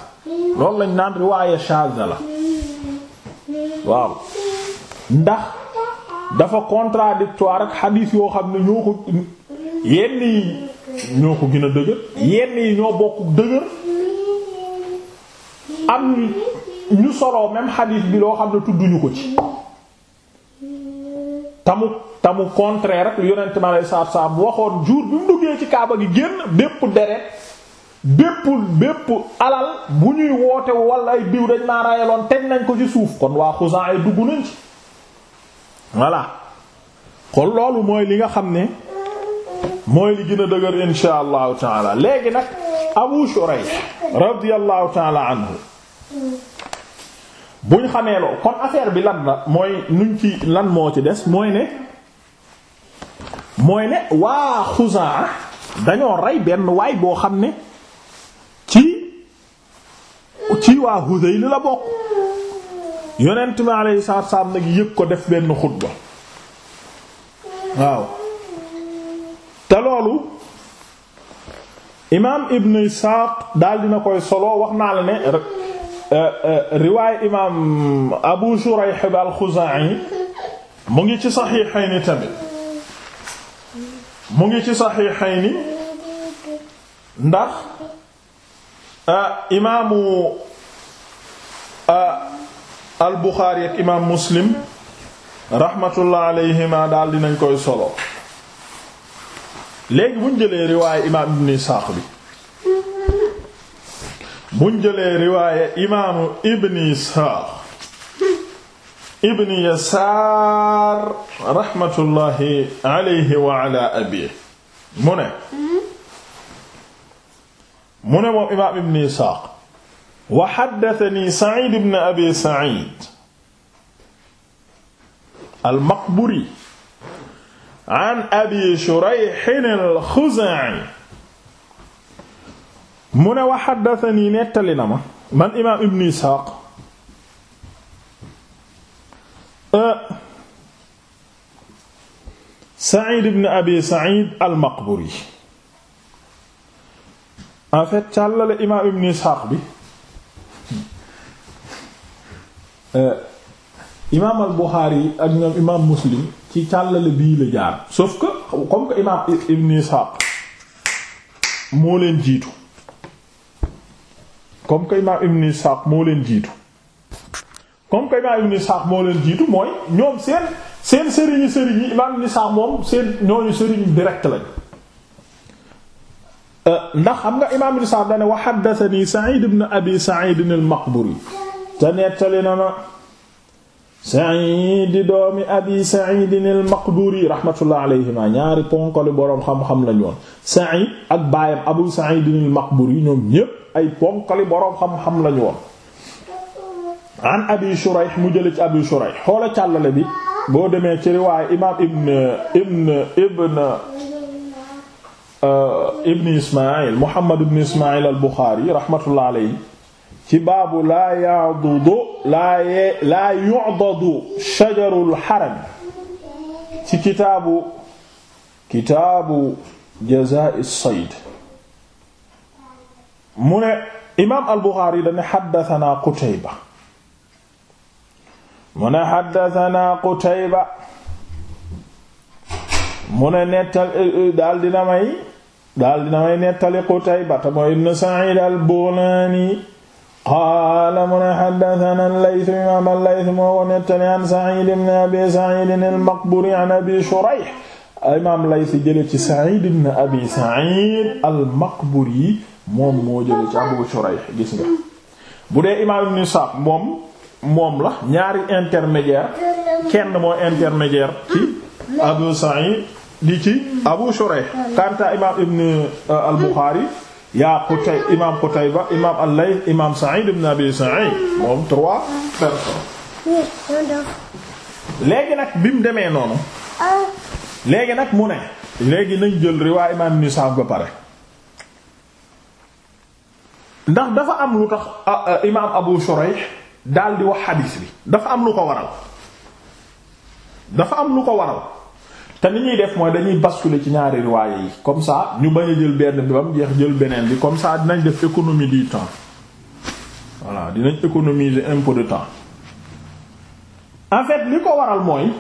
loolu lañ naan riwaaya charge la waaw ndax dafa contradictoire ak xadiis yoo xam ne ñoo ko yenn yi ñoo ko gën a dëgër yenn yi ñoo bokk dëgër am ñu soloo même xadiis bi loo xam ne tudduñu ko ci tamu tamu contraire rek yonent ma lay saab saab waxoon jour bi duggee ci kaaba gi génn bépp deret bépp bépp alal bu ñuy woote wala ay diw dañ maa rayaloon teg nañ ko ci suuf kon waa Xuzaa ay dugg nañ ci voilà kon loolu mooy li nga xam ne mooy li gën a dëgër insha allahu taala léegi nag abu shurayh radiyallahu taala anhu buñ xamee loo kon affaire bi lan la mooy nuñ ci lan moo ci des mooy ne mooy ne waa xuzaa dañoo rey benn waay boo xam ne ci ci waa Hudayl la bokk yonent mi alayhi salaatu salaam nag yëg ko def benn xutba waaw te loolu imaam Ibn Isxaaq daal dina koy solo wax naa la ne eh, eh, riwaay imaam Abu Shurayh al-Xuzaa'i mu ngi ci saxiixayni tamit mu ngi ci saxiixayni ndax eh, imaamu al-Buxaari ak imaam Muslim raxmatullah alayhima daal dinañ koy solo. léegi buñ jëlee riwaaye imaam ibn Isaaq bi buñ jëlee riwaaye imaamu ibn Isaaq ibn Yasaar raxmatullaahi alayhi wa ala abiihi mu ne mu ne moom imaam ibn Isaaq wa haddathanii Sa'iid ibn Abi Sa'iid al-Maqburi an abi shurayh al-xuzaa'i mu ne wa xaddatani nettali na ma man imaam ibn isxaaq said ibn abi said al-maqburi en fait càllale imaam ibn isxaaq bi imaam al Buxaari ak ñoom imaam Muslim ci càllale bii la jaar sauf que comme que imaam Ibn Ishaq moo leen jiitu comme que imaam Ibn Ishaq moo leen jiitu comme que imaam moo leen jiitu mooy ñoom seen seen sëriñu sëriñ yi imaam Ibn Ishaq moom seen ñooñu sëriñu direct lañ euh, ndax xam nga imaam Ibn Ishaq dane wa haddathani Sa'id ibn Abi Sa'id al-Maqburi te nettali na na Saïd doomi Abi Saïd al-Maqburi rahmatullah alayhima ñaari ponkali boroom xam-xam lañu woon Saïd ak baayam Abu Saïd al-Maqburi ñoom ñépp ay ponkali boroom xam-xam lañu woon an Abi Shurayh mu jële ci Abi Shurayh xoola càllale bi boo demee ci riwaaye imaam ibn ibn ibn euh, ibn Ismaïl Muhammad ibn Ismaïl al-Bukhari rahmatullah alayhi ci baabu laa yadudu laa ye laa yu'dadu shajarul haram ci kitaabu kitaabu jazaa'i sayd mu ne imaam al-Buxaari dane haddathanaa Qutayba mu ne haddathanaa Qutayba mu ne nettal eh, eh, daal dina may daal dina may nettali Qutayba te mooy ibn Sa'iid al-Bughlaani qaala mu ne xaddatana allaytu imaam allaytu moo ko nettali an Saciid ibn Abi Saciid al-Maqburi an Abi Shurayh imaam Layth jële ci Saciid moom moo jële ci Abu Shurayh gis nga bu dee imaam Ibn Isxaaq moom la ñaari intermédiaire kenn moo intermédiaire ci Abu Saciid di ci Abu Shurayh kanta imaam Ibn euh, al yaa Qutay imaam Qutayba imaam al-Layth imaam Sa'id ibn Abi Sa'id moom trois léegi nag bi mu demee noonu. léegi nag mu ne. léegi nañ jël riwaay imaam Ibn Sa'd ba pare. ndax dafa am lu tax ah, ah, imaam Abu Shurayh daal di wax xadiis bi dafa am lu ko waral. dafa am lu ko waral. te ni ñuy def mooy dañuy basculer ci ñaari riwaaye yi comme ça ñu bañ jël benn bi ba mu jeex jël beneen bi comme saa dinañ def économie du temps voilà dinañ économiser un peu de temps en fait li ko waral mooy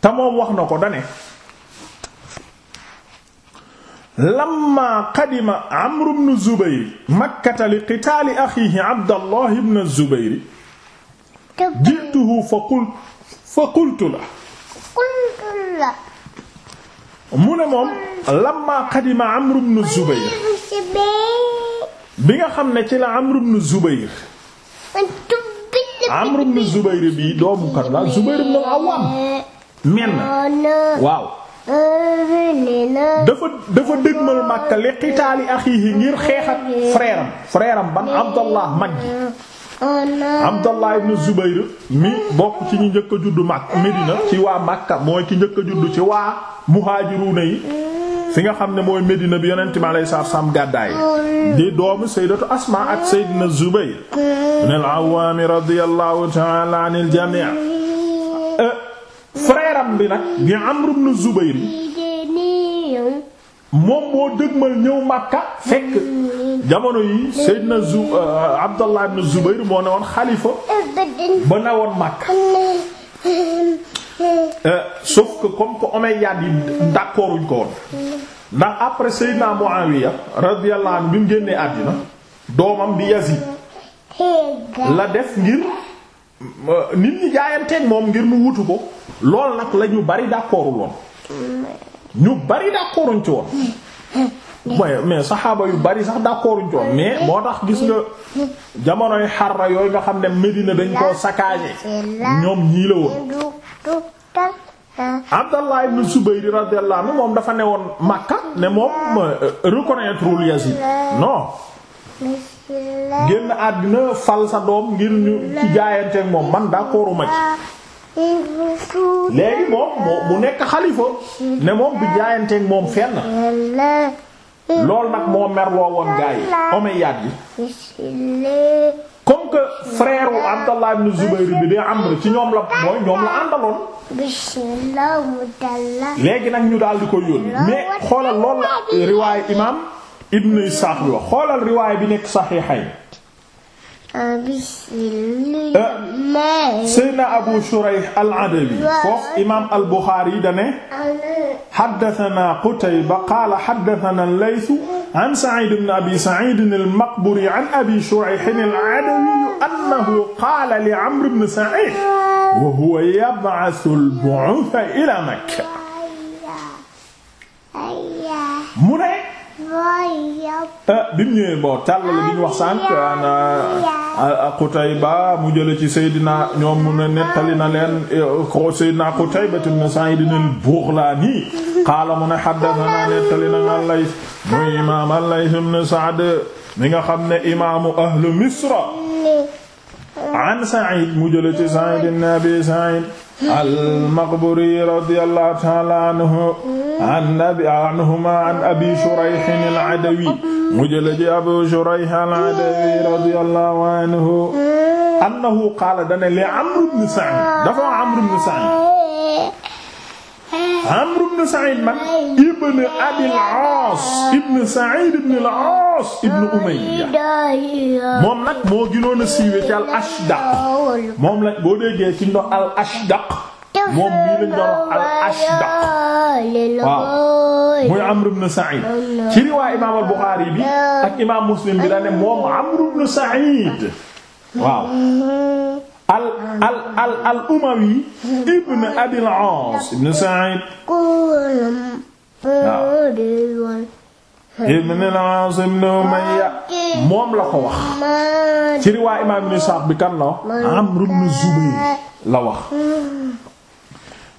te moom wax na ko dane lamma qadima amru bnu zubayr makkata li qitaali axiihi abdallah bnu zubayr jiituhu fa qultu la mu ne moom lamma qadima Amr ibn Zubayr bi nga xam ne ci la Amr ibn Zubayr bi doomu kan la Zubayr ibn Awwam men waaw dafa dafa dëgmal Makka li qitaali axiihi ngir xeex ak frère ban Abdallah mag ji Oh Abdallah ibn Zubayr mi bokk ci ñi njëkk juddu Makka Medina ci waa Makka mooy ki njëkk a juddu ci waa muhaajiruuna yi fi nga xam ne mooy Medina bi yonent mi alayhi salaatu salaam gàddaay oh di doomu sayyidatu Asmaa ak sayyidina Zubayr mm. ibn al-Awwaam radiyallahu ta'ala jamii' mm. eh, frère bi nag di Amr ibn Zubayr moom moo dëgmal ñëw Makka fekk jamono yi Seydina Zu euh, Abdallah ibn Zubayr moo ne woon xalifa ba ne woon Makka euh, sauf que comme que Omeyyades yi d'accord ko woon ndax après Seydina Muawiya radiyallahu anhu bi mu génnee àddina doomam bi Yazid la def ngir euh, nit ñi jaayanteeg moom ngir mu wutu ko lool nag la ñu bari d'accordu ñu bari d'accorduñ ci woon mais saxaaba yu bari sax d'accorduñ ci mais moo tax gis nga jamonoy xarra yooyu nga xam ne Medina dañ koo saccagé ñoom ñii la woon Abdallah ibn Zubayr radiyallahu anhu moom dafa ne woon Makka ne moom euh, reconnaître wul Yazid non génn àddina fal sa doom ngir ñu ci jaayanteek moom man d'accorduma ci léegi moom mu nekk xalifa ne moom bi jaayanteeg moom fenn loolu nag moo merloo woon gaa yi Omeyyad yi comme que frère wu Abdallah ibn Zubayr bi day Amr ci ñoom la mooy ñoom la àndaloon. léegi nag ñu daal di ko yónni mais xoolal loolu riwaayu imaam Ibn Isaaq bi wax xoolal riwaay bi nekk saxiixay Seydina Abu Shurayh al-Adawi foofu imaam al-Buxaari dane haddasanaa Qutayba qaala haddasanaa al-Layth an Sa'iid ibn Abi Sa'iid al-Maqburi an Abi Shurayh al-Adawi annahu qaala li Amr ibn Sa'iid wa huwa yab'athu al-bu'uutha ilaa Makka Ah, bi mu ñëwee bon bi ñu wax sànq ana Qutayba mu jële ci Seydina ñoom mu ne nettali na leen eh, oh, Seydina Qutayba ibn Sa'id al-Baghlani qaala mu ne haddathana nettali nga lay muy imaam al-Layth ibn mi nga xam ne imaamu ahlu Misra an Sa'id mu jële ci Sa'id ibn Abi al-Maqburi radiyallahu ta'ala anhu an nabi anhuma an abi Shurayh al-Adawi mu jële ci Abu Shurayh al-Adawi radiyallahu anhu annahu qaala dana li Amr ibn Sa'id dafa Amr ibn Sa'id Amr ibn Sa'id man ibn Abi al-Aas ibn Sa'id ibn al-Aas ibn Umayya moom nag moo gënoon a siiwee ci al-Ashdaq moom la boo déggee ci ndox al-Ashdaq moom mii lañ doon wax al-Ashdaq waaw muy Amr ibn Sa'id ci riwaay imaam al-Bukhari bi ak imaam Muslim bi la ne moom Amr ibn Sa'id waaw al al al al umawi ibn abil aas ibn sa'id ibn al-Aas ibn moom la ko wax ci riwaa imaam ibn Sa'd bi kan la wax Amr ibn Zubayr la wax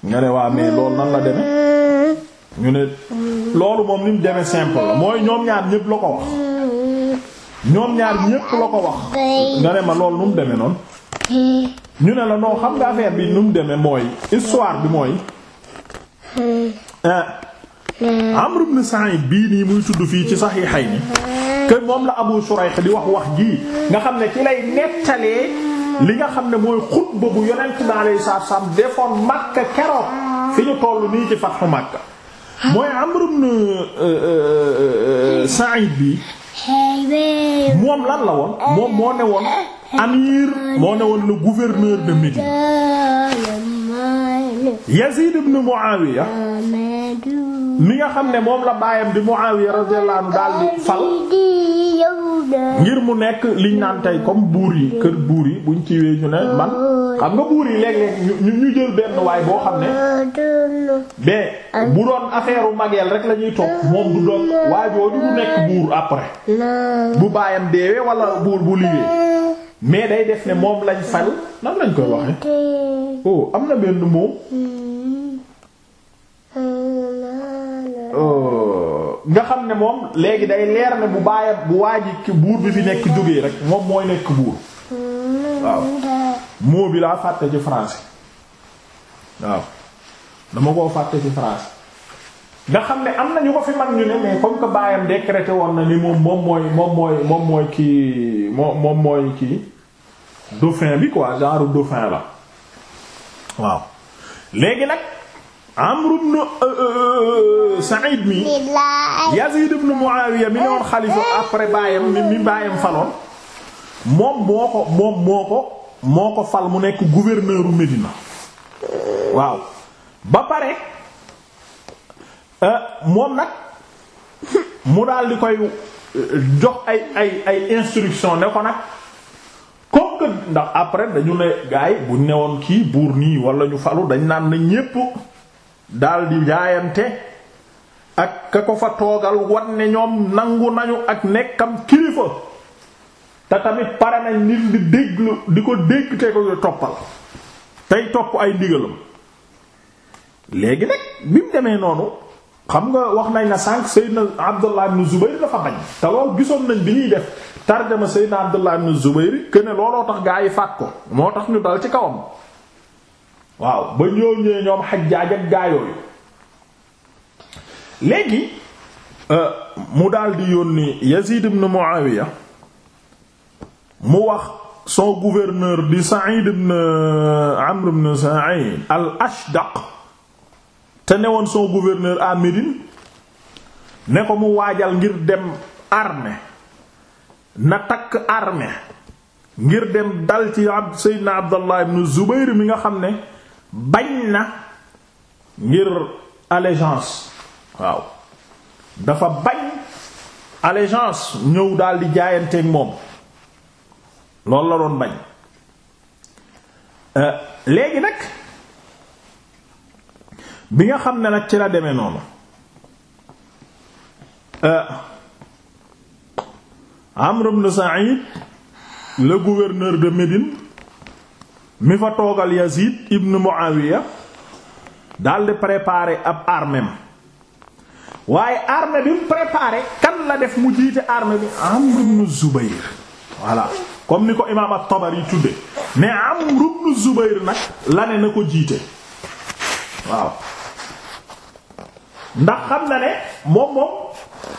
nga ne waa mais loolu nan la deme ñu ne loolu moom ni mu deme simple la mooy ñoom ñaar ñépp la ko wax ñoom ñaar ñépp la ko wax nga ne ma loolu nu mu deme noonu ñu ne la noo xam nga affaire bi nu mu demee mooy histoire bi mooy. Amr ibn Sa'id bii nii muy tudd fii ci Sahihayni que moom la Abu Shurayh di wax wax jii nga xam ne ci lay nettalee li nga xam ne mooy xutba bu Yonent bi alayhi salaatu wa salaam defoon Makka keroog fi ñu tollu nii ci Fathu Makka mooy Amr ibn euh, euh, euh, Sa'id bi moom lan la woon moom moo ne woon. amir moo ne woon le gouverneur de Médine Yazid ibn Muawiya mi nga xam ne moom la baayam di Muawiya radiyallahu anhu daal di fal ngir mu nekk liñ naan tey comme buur yi kër buur yi bu buñ ci wee ne man xam nga buur yi léeg-léeg ñu jël benn waay boo xam ne mais bu doon affaire u mageel rek lañuy ñuy moom du doon waajooju du nekk buur après bu baayam deewee wala buur bu liggéey mais day def ne moom lañ fal nan lañ koy waxe euh, oh am na benn moom euh, euh, nga xam ne moom léegi day leer ne bu bàyyi bu waaji buur bi fi nekk jógee rek moom mooy nekk buur waaw moo bi laa fàtte ci français waaw dama koo fàtte ci français nga xam ne am na ñu ko fi mag ñu ne mais comme que baayam décrété woon na ni moom moom mooy moom mooy moom mooy kii moom moom mooy kii dauphin bi quoi genre dauphin la waaw léegi nag Amr ibn euh, euh, Sa'id mi Yazid ibn Muawiya mi noon xalifa après baayam mi baayam faloon moom moo ko moom moo ko moo ko fal mu nekk gouverneur Médina waaw ba pare Euh, moom nag mu daal di koy euh, jox ay ay ay instruction ne ko nag comme que ndax après dañu ne gars yi buñ kii buur nii walla ñu falu dañ naan na ñépp daal di jaayante ak ka ko fa toogal wan ne ñoom nangu nañu ak nekkam kilifa te tamit pare na nit di déglu di ko dégg te ko toppal tey topp ay ndigalam léegi nag bi mu demee noonu xam nga wax nañ la sànq Seydina Abdullah ibn Zubayr dafa bañ te lool gisoon nañ bi ñuy def tarjama Seydina Abdullah ibn Zubayr que ne looloo tax gaa yi faat ko moo tax ñu dal ci kawam waaw ba ñoo ñoom Hajjaaj ak gaa yooyu léegi euh, mu daldi yónni Yazid ibn Muawiya mu wax son gouverneur di Sa'id ibn Amr ibn Sa'id al-Ashdaq te ne woon soo à Médine ne ko mu waajal ngir dem armée na takk armée ngir dem dal ci ab Seydina Abdallah ibn mi nga xam ne bañ na ngir allégeance waaw dafa bañ allégeance ñëw daal di jaayanteeg moom loolu la doon bañ euh, léegi nag bi nga xam ne nag ci la demee noonu euh, Amr ibn Sa'id le gouverneur de Médine mi fa toogal Yazid ibn Muawiya daldi préparer ab armem waaye armée bi mu préparé kan la def mu jiite armée bi Amr ibn Zubayr voilà comme ni ko imaam at-Tabari tudde mais Amr ibn Zubayr nag la ne na ko jiite waaw ndax xam na ne moom moom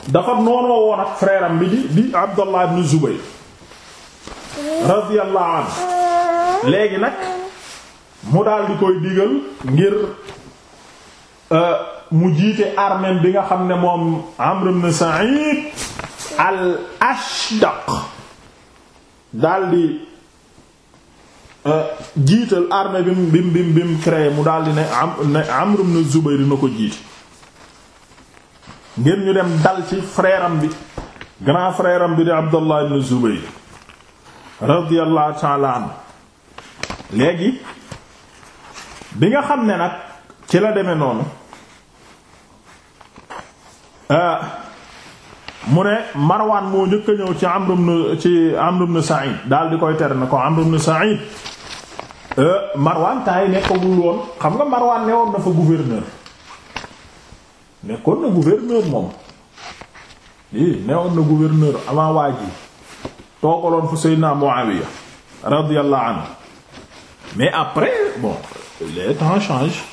dafa noonoo woon ak frère bi di di Abdallah ibn Zubayr radiyallahu anhu léegi nag mu daal di koy digal ngir euh, mu jiite armée bi nga xam ne moom Amr ibn Sa'id al Ashdaq daal di euh, jiital armée bi mu bi mu bi mu créé mu daal di ne Amr ibn Zubayr na ko jiit ngir ñu dem dal ci frère bi grand frère bi di Abdallah ibn Zubayr radiyallahu ta'ala anhu léegi bi nga xam ne nag ci la demee noonu euh, mu ne marwaan moo njëkk ñëw ci Amr ibn ci Amr ibn Sa'id daal di koy tere na ko Amr ibn Sa'id euh, Marwan temps yi nekkagul woon xam nga Marwan ne woon dafa fa nekkoon na gouverneur moom newoon na gouverneur avant waa ji toogaloon fu Seydina Muawiya radiyallahu anhu mais après bon les temps change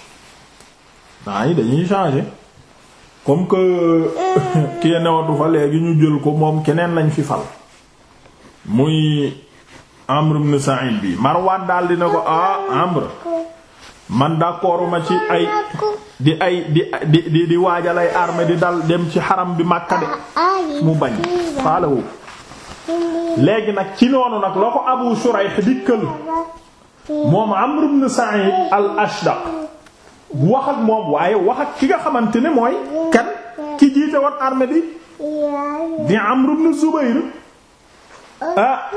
temps yi dañuy changer comme que kii newatu fa léegi ñu jël ko moom keneen lañ fi fal muy Amr ibn Sa'id bi Marwan daal dina ko ah Amr man d'accorduma ci ay di ay di di di waajal ay armée di dal dem ci xaram bi Makka de mu bañ faalewu léegi nag ci noonu nag loo ko Abu Shurayh dikkal moom Amr ibn al-Ashdaq wax ak moom waaye wax ak ki nga xamante ne mooy kan ki jiite woon armée bi di Amr ibn ah.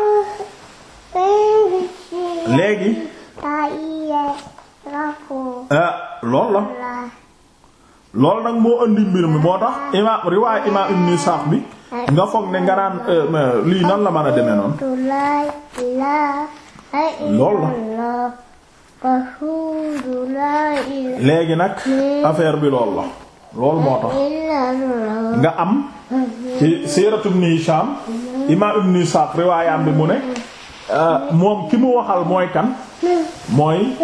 léegi Eh, lool la lool nag boo andi mbir mi moo tax imaam riwaay imaam ibn Isaaq bi nga foog ne nga naan eh, lii nan la mën a demee noonu lool la léegi nag affaire bi lool la lool moo tax nga am ci siiratu ibn Hishaam imaam ibn Isaaq riwaayam bi mu ne Euh, moom ki mu waxal mooy kan mooy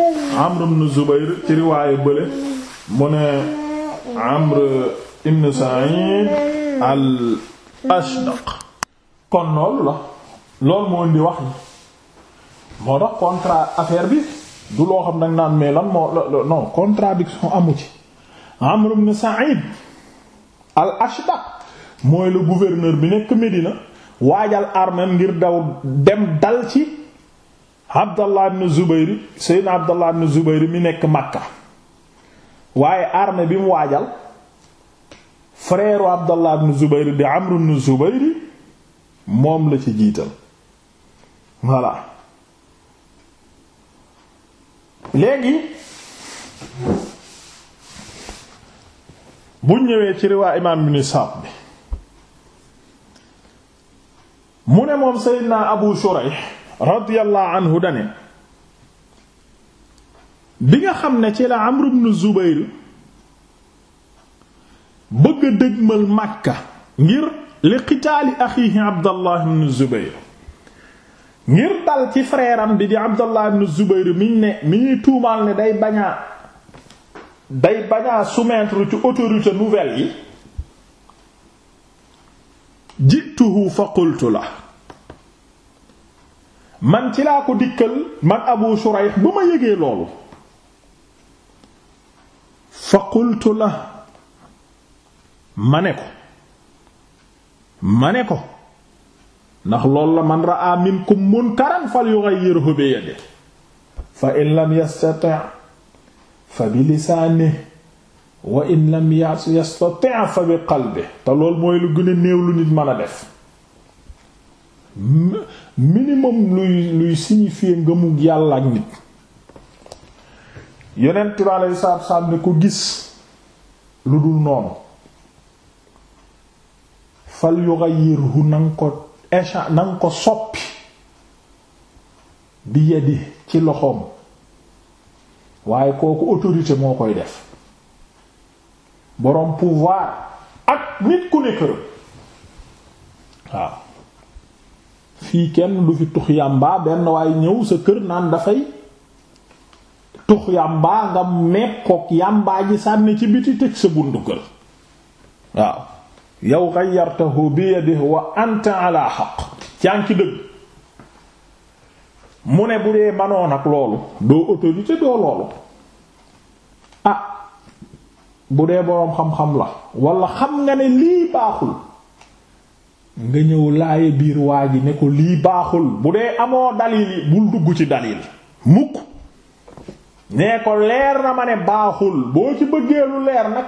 Amr ibn Zubayr ci riwaayu bële mu ne Amr ibn Sa'id al Ashdaq kon loolu la loolu moo indi wax yi moo tax contrat affaire bi du loo xam nag naan mais lan moo non contradiction amu ci Amr ibn Sa'id al Ashdaq mooy le gouverneur bi nekk Médina waajal armem ngir daw dem dal ci Abdallah ibn Zubayr Seydina Abdallah ibn Zubayr mi nekk Makka waaye arme bi mu waajal frère Abdallah ibn Zubayr di Amr ibn Zubayr moom la ci jiital voilà léegi bu ñëwee ci riwaa imaam ibn Sa'd bi mu ne moom Seydina Abu Shurayh radiyallahu anhu dinga xam ne ci la Amr ibn Zubayr bëgg a dëgmal Makka ngir li qitaali axiihi Abdallah ibn Zubayr ngir dal ci frère am bi di Abdallah ibn Zubayr miñ ne mi ñuy tuumaal ne day bañaa day bañaa soumettre ci autorité nouvelle yi jituhu fa qultu la man ci laa ko dikkal man abu shurayh bu ma yëgee loolu fa qultu la ma ne ko ma ne ko ndax loolu la man ra'a minkum munkaran falyughayyirhu bi yadihi fa in lam yastati' fa bi lisaanihi wa in lam yastati' fa bi qalbi te lool mooy lu gën a néew lu nit mën a def minimum luy signifier ngëmug yàlla ak nit yonent bi aleyhi salaatu salaam ne gis lu dul noonu fal yughayyirhu na nga ko échange na ko soppi bi yadi ci loxoom waaye kooku autorité moo koy def boroom pouvoir ak nit ku ne këram waaw fii kenn du fi tux yàmbaa benn waaye ñëw sa kër naan dafay tux yàmbaa nga mekkook yàmbaa ji sànni ci biti teg sa bundu kër waaw yow gayyartahu bi yadihi wa anta ala xaq yaa ngi ci dëgg mu ne bu dee manoon ak loolu doo autorité doo loolu ah bu dee boroom xam-xam la walla xam nga ne lii baaxul nga ñëw laaye biir waa ji ne ko lii baaxul bu dee amoo dalil yi bul dugg ci dalil mukk nee ko leer na ma ne baaxul boo ci bëggee lu leer nag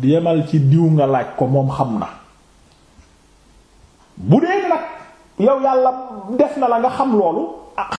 demal ci diw nga laaj ko moom xam na bu dee nag yow yàlla def na la nga xam loolu